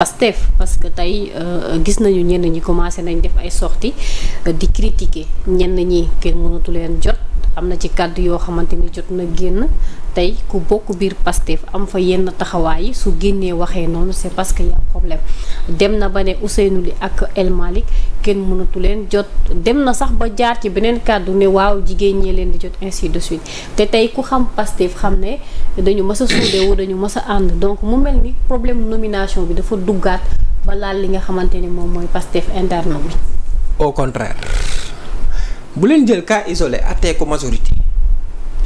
Pastef parce que tey euh, gis nañu ñenn ñi commencé nañ def ay sorties euh, di critiquer ñenn ñi kenn mënatu leen jot am na ci kàddu yoo xamante ni jot na génn tey ku bokk biir Pastef am fa yenn taxawaay yi su génnee waxee noonu c'est parce que y problème dem na ba ne Ousseynou li ak El Malick kenn mënatu leen jot dem na sax ba jaar ci beneen kàddu ne waaw jigéen ñee leen di jot ainsi de suite te tey ku xam Pastef xam ne dañu mës a suudewu dañu mës a ànd donc mu mel ni problème nomination bi dafa duggaat ba laal li nga xamante ni moom mooy Pastef interne bi. au contraire bu leen jël cas isolé attee ko majorité.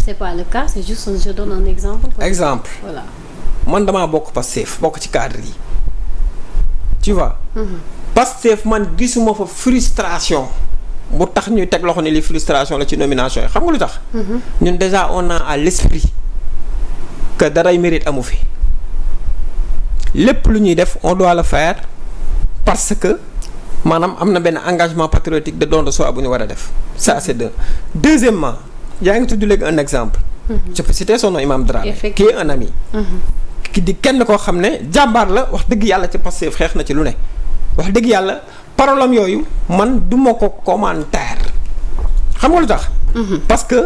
c'est pas le cas c'est juste je donne un exemple. exemple voilà. man damaa bokk Pastef bokk ci cadre yi tu vois. Mhm. Pastef man gisuma fa frustration bu tax ñu teg loxo ni li frustration la ci nomination yi xam nga lu tax. Mhm. ñun déjà on a à l'esprit que daray mérite amu fi lépp lu ñuy def on doit le faire parce que maanaam am na benn engagement patriotique de don de bu ñu war a def ça c'est deuxièmement yaa ngi tudd léegi un exemple mhm. je peux citer son nom Imam Dramé qui est un ami mhm. ki di kenn koo xam ne jàmbaar la wax dëgg yàlla ci Pastef xeex na ci lu ne wax dëgg yàlla parolam yooyu man du ma ko commentaire xam nga tax mhm. parce que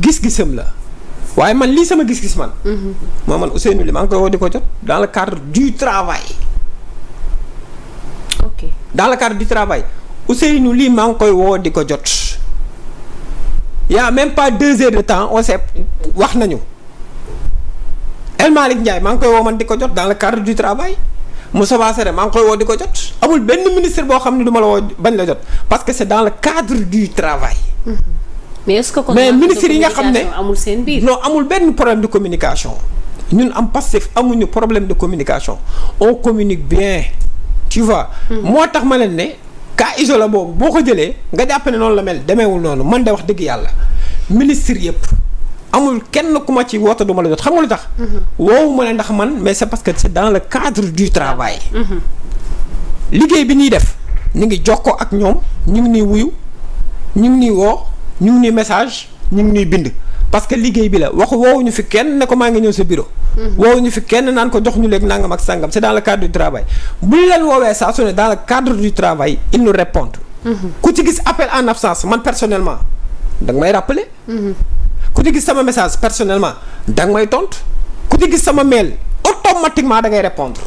gis-gisam la waaye man lii sama gis-gis man. Mhm. moo man Ousseynou li maa ngi koy woo di ko jot dans le cadre du travail. ok dans le cadre du travail Ousseynou lii maa ngi koy woo di ko jot. y' a même pas deux heures de temps on s'est wax nañu El Malick Ndiaye maa ngi koy woo man di ko jot dans le cadre du travail Moussa Bassere maa ngi koy woo di ko jot amul benn ministre boo xam ne du la woo bañ la jot parce que c' est dans le cadre du travail. Mhm. mais est-ce que kon mais ministre yi nga xam ne amul seen biir non amul benn problème de communication ñun am Pastef amuñu problème de communication on communique bien tu vois. Mhm. moo tax ma leen ne cas isolé boobu boo ko jëlee nga jàpp ne noonu la mel demeewul noonu man de wax dëgg yàlla ministre yëpp amul kenn ku ma ci woote du ma la jot xam nga lu tax. Mhm. woowu ne ndax man mais c'est parce que c'est dans le cadre du travail. Mhm. liggéey bi ñuy def ñu ngi jokkoo ak ñoom ñu ngi ñuy wuyu ñu ngi woo. ñu ngi ñuy message ñu ngi ñuy bind parce que liggéey bi la waxu woowuñu fi kenn ne ko maa ngi ñëw sa bureau. Mhm. woowuñu fi kenn naan ko jox ñu léegi nangam ak sangam si dans le cadre du travail bu ñu leen woowee saa su ne dans le cadre du travail ils nous répondent. Mhm. ku ci gis appel en absence man personnellement da nga may rappeler. Mhm. ku ci gis sama message personnellement da may tontu ku ci gis sama mail automatiquement da ngay répondre.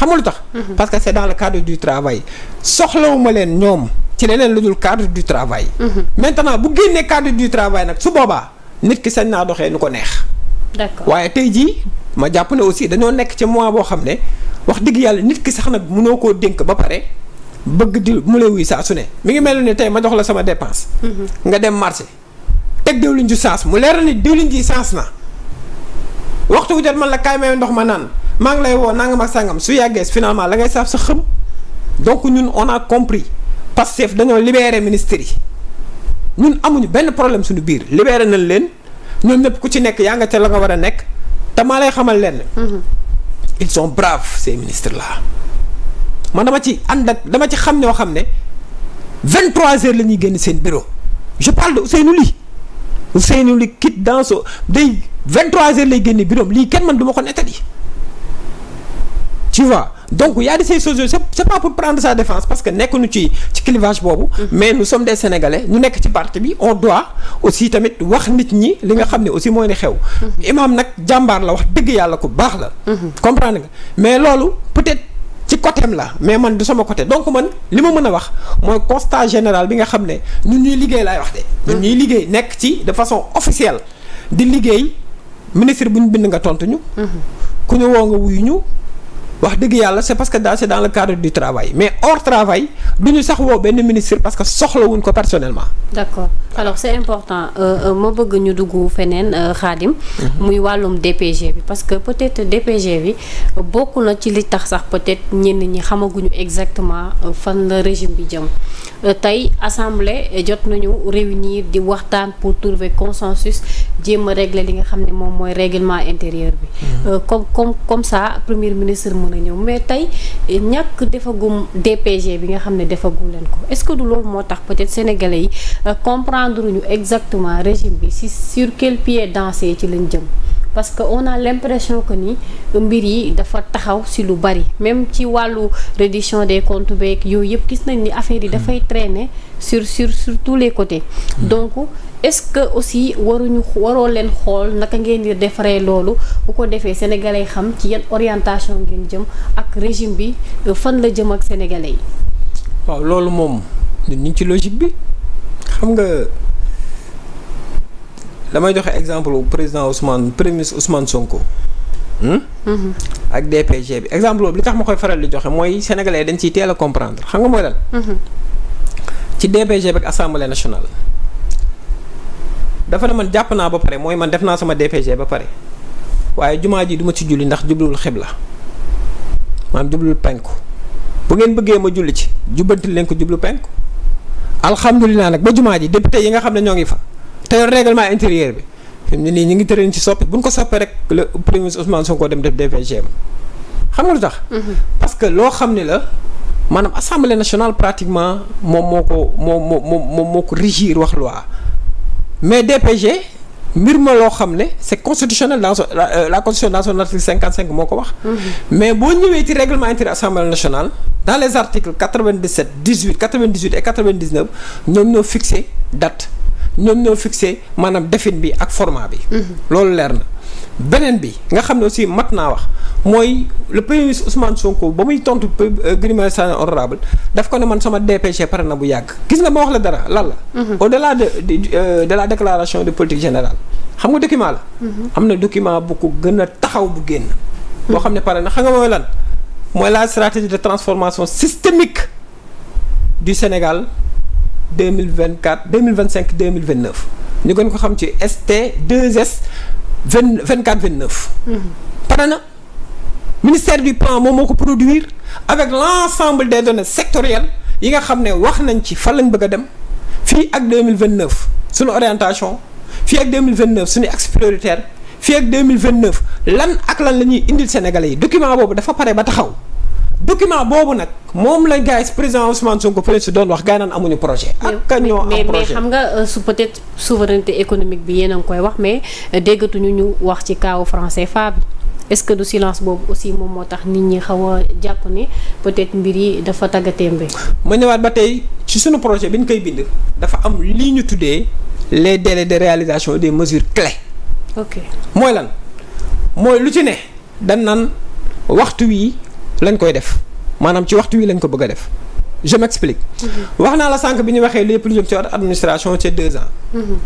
xam lu tax. Mhm. parce que c'est dans le cadre du travail soxlawuma leen ñoom ci leneen lu dul cadre du travail. Mhm. maintenant bu génnee cadre du travail nag su boobaa nit ki sañ naa doxee nu ko neex. d'accord waaye tey jii ma jàpp ne aussi dañoo nekk ci mois boo xam ne wax dëgg yàlla nit ki sax nag mënoo koo dénk ba pare bëgg di mu lay wuy saa su ne mi ngi mel ni tey ma jox la sama dépense. Mhm. nga dem marché teg diwlin ju saas mu leeral na ni diwlin ji saas na waxtu wu man la kaay ndox ma naan. maa ngi lay woo nangam ak sàngam su yàggee finalement la ngay saaf sa xëm donc ñun on a compris Pastef dañoo libéré ministre yi ñun amuñu benn problème suñu biir libéré nañ leen ñoom ñëpp ku ci nekk yaa nga ca la nga war a nekk te maa lay xamal leen. Mm-hmm. ils sont braves ces ministres là man dama ci ànd ak dama ci xam ñoo xam ne 23 heures la ñuy génn seen bureau je parle de Ousseynou Ly Ousseynou Ly quitte dans so day 23 heures lay génn bureau lii kenn man du ma ko nettali tu vois donc y a de ces choses c' est, c' est pas pour prendre sa défense parce que nekk nu ci ci boobu. Mm-hmm. mais nous sommes des sénégalais ñu nekk ci parti bi on doit aussi tamit wax nit ñi li nga xam ne aussi mooy ne xew. Mm-hmm. imaam nag jàmbaar la wax dëgg yàlla ku baax la. Mm-hmm. comprendre nga mais loolu peut-être. ci côté am la mais man du sama côté donc man li ma mën a wax mooy constat général bi nga xam ne ñun ñuy liggéey laay wax de. ñun ñuy liggéey nekk ci de façon officielle di liggéey ministre bu bind nga tontu ñu. wax dëgg yàlla c'est parce que daal c'est dans le cadre du travail mais hors travail du ñu sax woo benn ministre parce que soxlawuñ ko personnellement. d'accord alors c'est important euh, euh, ma bëgg ñu dugg feneen euh, Khadim. Mhm. muy wàllum DPG bi parce que peut-être DPG bi bokk na ci li tax sax peut-être ñenn ñi xamaguñu exactement fan la régime bi jëm tey assemblée jot nañu réunir di waxtaan pour trouver consensus. jéem a régler li nga xam ne moom mooy règlement intérieur bi. Mm-hmm. Euh, comme comme comme ça premier ministre mën a ñëw mais tey ñàkk defagum DPG bi nga xam ne defagum leen ko est-ce que du loolu moo tax peut-être sénégalais yi euh, comprendre ñu exactement régime bi si sur quel pied danser ci lañ jëm. parce que on a l'impression que ni mbir yi dafa taxaw si lu bari même ci wàllu reddition des comptes beeg yooyu yëpp gis nañ ni affaire yi hmm. dafay traîner sur sur surtout tous les côtés hmm. donc est-ce que aussi waruñu waroo leen xool naka ngeen di defaree loolu bu ko defee sénégalais xam ci yan orientation ngeen jëm ak régime bi euh, fan la jëm ak sénégalais yi waaw loolu moom ñu ngi ci logique bi xam nga damay joxe exemple président Ousmane premier ministre Ousmane Sonko. Hmm? Mhm. ak DPG bi exemple boobu li tax ma koy faral di joxe mooy sénégalais dañ ciy teel a comprendre xam nga mooy lan. Mhm. ci DPG bi ak assemblée nationale. dafa ne man jàpp naa ba pare mooy man def naa sama DPG ba pare waaye jumaa ji duma ci julli ndax jubluwul xibla maanaam jubluwul penku bu ngeen bëggee ma julli ci jubbantil leen ko jublu penku alhamdulilah nag ba jumaa ji député yi nga xam ne ñoo ngi fa. te réglement intérieur bi nii ñu ngi tërën ci soppi bu ñu ko soppee rek le premier ministre Ousmane Sonko dem def DPG xam nga tax. Mhm. parce que loo xam ne la maanaam assemblée nationale pratiquement moom moo ko moo moo moo moo ko régir wax loi mais DPG. mbir ma loo xam ne c' est constitutionnel dans la, euh, la constitution dans son article 55 moo ko wax. Mhm. mais boo ñëwee ci règlement intérieur assemblée nationale. dans les articles 97 18 98 et 99 ñoom ñoo fixé date ñoom ñoo fixé maanaam defin bi ak format bi. Mhm. loolu leer na beneen bi nga xam ne aussi mat naa wax mooy le premier ministre Ousmane Sonko ba muy tontu euh, Guy Marius Sagna honorable daf ko ne man sama DPG pare na bu yàgg gis nga ma wax la dara lan la. Mhm. au delà de euh, de la déclaration de politique général xam nga document la. Mhm. am na document bu ko gën a taxaw bu génn. boo xam ne pare na xam nga mooy lan mooy la stratégie de transformation systémique du Sénégal. 2024 2025 2029 ñu gën ko xam ci ST 2S 20 24 29. pare na ministère du plan moom moo ko produire avec l'ensemble de données sectorielles yi nga xam ne wax nañ ci fan lañ bëgg a dem fii ak 2029 suñu orientation fii ak 2029 suñu axe prioritaire fii ak 2029 lan ak lan la ñuy indil sénégal yi document boobu dafa pare ba taxaw. document boobu nag moom la gars yi président Ousmane Sonko fële wax gars amuñu projet. ak kañ ñoo am projet mais xam nga euh, su peut-être souveraineté bi yéen a ngi koy wax mais euh, déggatuñu ñu wax ci kaaw français fab est-ce que du silence boobu aussi moom moo tax nit ñi xaw a jàpp ne peut-être mbir yi dafa tàggatémbe. ma ñëwaat ba tey ci suñu projet bi ñu koy bind dafa am lii ñu tuddee les délais de réalisation des mesures clés. ok mooy lan mooy lu ci ne dañ naan waxtu wi lañ koy def maanaam ci waxtu wi lañ ko bëgg a def jem m'explique. Mhm. wax naa la sànq bi ñu waxee lépp lu jëm ci administration ci deux ans. Mhm.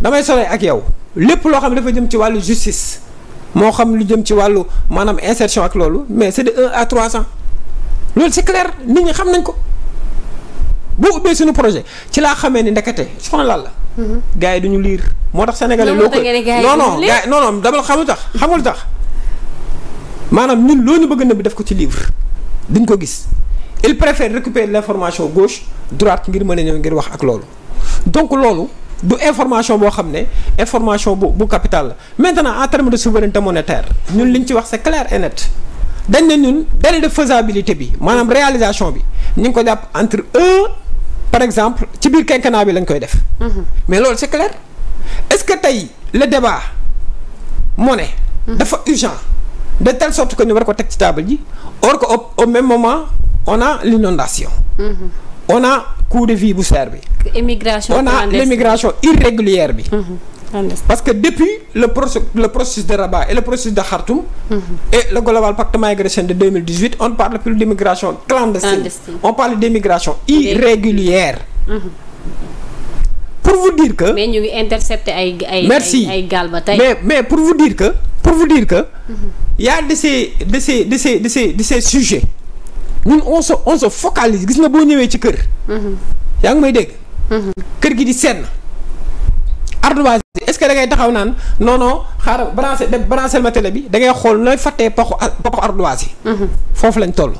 damay sore ak yow lépp loo xam dafa jëm ci wàllu justice moo xam lu jëm ci wàllu maanaam insertion ak loolu mais c'est de un à trois ans loolu si clair nit ñi xam nañ ko boo ubbee suñu projet ci laa xamee ni ndekete subhanallah mhm. la. gars yi duñu liir moo tax sénégalais. loo ko non non gars non non dama xamul tax xamul tax. maanaam ñun loo ñu bëgg na bi def ko ci livre duñ ko gis il préfère récupérer l'information gauche droite ngir mën a ñëw ngir wax ak loolu donc loolu du information boo xam ne information bu bu capital la maintenant en terme de souveraineté monétaire ñun li ñu ci wax c'est clair et net dañ ne ñun délai de faisabilité bi maanaam réalisation bi ñu ngi ko jàpp entre un par exemple ci biir quinquennat bi lañ koy def. Mhm. mais loolu c'est clair est-ce que tey le débat monnaie. Mhm. dafa urgent. de tell sorte que ñu war ko teg ci table ji or que au même moment on l'inondation mm-hmm. on a de vie bu seer bi on a l'immigration irrégulière bi mm-hmm. parce que depuis le le processus de Rabat et le processus de Khartoum mm-hmm. et le Global Pact Migration de on parle d'immigration clandestine on parle d'immigration irrégulière vous dire que. mais ñu ngi intercepter ay ay. merci gaal ba tey mais mais pour vous dire que pour vous dire que. Mm-hmm. y a de ces de ces de ces de ces de ces sujets ñun on se on gis nga boo ñëwee ci kër. Mm-hmm. yaa ngi may dégg. Mm-hmm. kër gi di seet senn ardoise est-ce que da ngay taxaw naan non non xaaral branché branché ma télé bi da ngay xool nooy fàttee paxu paxu ardoise yi. foofu lañ toll.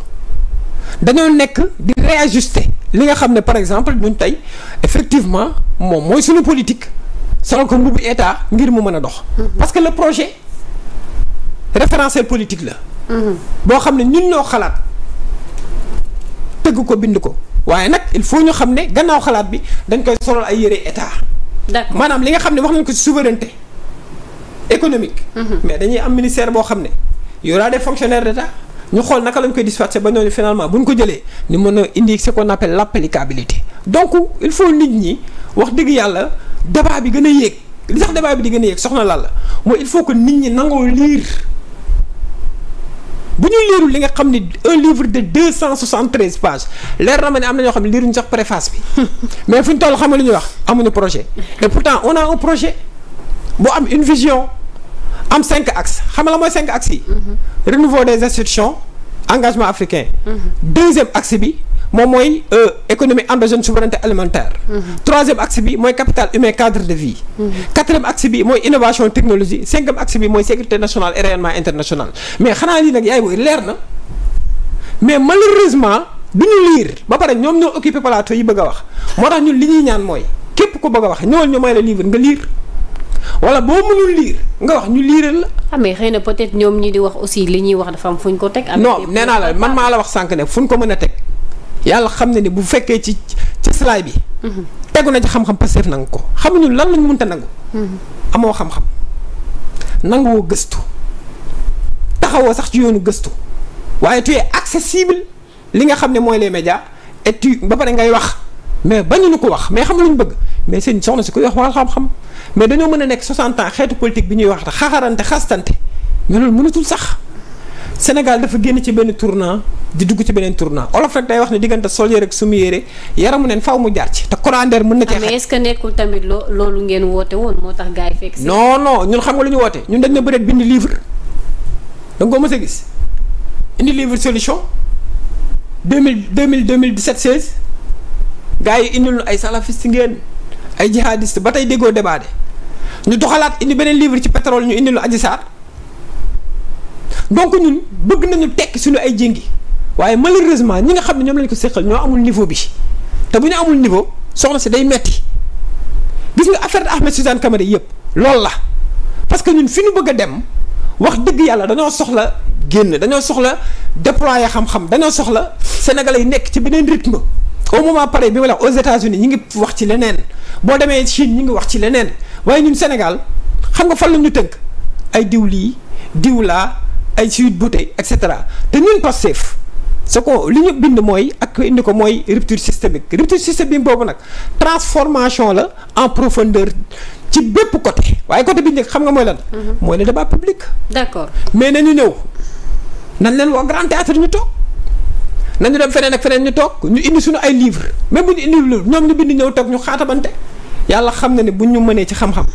dañoo nekk di réajuster li nga xam ne par exemple ñun tey effectivement moom mooy suñu politique solo ko mbubbu état ngir mu mën a dox. Mm-hmm. parce que le projet référentiel politique la. Mm-hmm. boo xam ne ñun ñoo xalaat tëgg ko bind ko waaye nag il faut ñu xam ne gannaaw xalaat bi dañ koy solal ay yére état. d'accord maanaam li nga xam ne wax nañ ko si souveraineté économique. Mm-hmm. mais dañuy am ministère boo xam ne y aura des fonctionnaires ñu xool naka lañ koy disperser ba noonu finalement bu ñu ko jëlee ñu mën a indi ce qu'on appelle l'applicabilité donc il faut nit ñi wax dëgg yàlla débat bi gën a yéeg li tax débat bi di gën a yéeg soxna lan la mooy il faut que nit ñi nangoo lire bu ñu liirul li nga xam ni un livre de deux cent soixante treize pages leer na ma ne am na ñoo xam ne liiruñu sax préface bi mais fu ñu toll xam nga lu ñuy wax amuñu projet et pourtant on a un projet boo am une vision am cinq axes xam nga la mooy cinq axes yi. Mm-hmm. renouveau des institutions engagement africain. Mm-hmm. deuxième axe bi moom mooy euh, économie endogène souveraineté alimentaire. Mm-hmm. troisième axe bi mooy capital humain cadre de vie. quatrième axe bi mooy innovation technologie cinquième axe bi mooy sécurité national et rayonnement international mais xanaa lii nag yaay booy leer na mais malheureusement du ñu lire ba pare ñoom ñoo occupé plateau yi bëgg a wax moo tax ñu li ñuy ñaan mooy képp ku bëgg wax ñëwal ñu nga lire. wala boo mënul liir nga wax ñu liiral la. ah xëy na peut-être ñoom ñi di wax aussi li ñuy wax dafa am fu ñu ko teg. non nee naa la man maa la wax sànq ne fu ñu ko mën a teg yàlla xam na ne bu fekkee ci ci silaay bi. Mhm. tegu na ci xam-xam Pastef nangu ko xamuñu lan lañ mënta nangu. Mhm. amoo xam-xam nanguwoo gëstu taxawoo sax ci yoonu gëstu waaye tu es accessible li nga xam ne mooy les médias et tu ba pare ngay wax mais bañu ñu ko wax mais xam luñ bëgg. mais sëñ soxna si koy wax waxal xam-xam mais dañoo mën a nekk 60 ans xeetu politique bi ñuy wax xaxarante xastante mais loolu mënatul sax Sénégal dafa génn ci benn tournant di dugg ci beneen tournant olof rek day wax ne diggante sol yére ak sumu yére yaramu neen faaw mu jaar ci te corandaire mën na cee. Ah, mais est-ce que nekkul tamit loo loolu ngeen woote woon moo tax gaa yi fekk. non non xam nga lu ñu woote ñun dañ ne bëreet bind livre da nga ko mës a gis indi livre solution 2000 2000 2017 16 gars yi indil ñu ay salafiste ngeen. ay jihadiste ba tey déggoo débat de ñu doxalaat ñu beneen livre ci pétrole ñu indi lu Adji Sarr donc ñun bëgg nañu tekki suñu ay jéngi waaye malheureusement ñi nga xam ne ñoom lañ ko séqal ñoo amul niveau bi te bu ñu amul niveau soxla si day metti gis nga affaire Ahmed Suzanne Camara yëpp loolu la parce que ñun fi ñu bëgg a dem wax dëgg yàlla dañoo soxla génn dañoo soxla déployer xam-xam dañoo soxla sénégalais yi nekk ci beneen rythme au moment pareil bi ma la aux États-Unis ñi ngi wax ci leneen boo demee Chine ñi ngi wax ci leneen waaye ñun Sénégal xam nga fan la ñu tënk ay diw lii diw laa ay suite beauté et cetera te ñun Pastef ce que li ñu bind mooy ak indi ko mooy rupture systémique rupture systémique boobu nag transformation la en profondeur ci bépp côté waaye côté bi njëkk xam nga mooy lan. Mhm. mooy le débat public. d'accord mais ñu ñëw nan leen woo grand théâtre ñu toog. nañu dem feneen ak feneen ñu toog ñu indi suñu ay livre même bu ñu indi livre ñoom ñu bind ñëw toog ñu xaatabante yàlla xam na ne bu ñu mënee ci xam-xam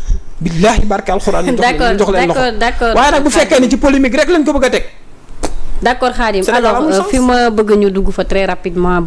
billaahi barke alxuraan ñu jox leen loxo waaye nag bu fekkee ni ci polémique rek lañ ko bëgg a teg d'accord Khadim alors euh, fi ma bëgg ñu dugg fa très rapidement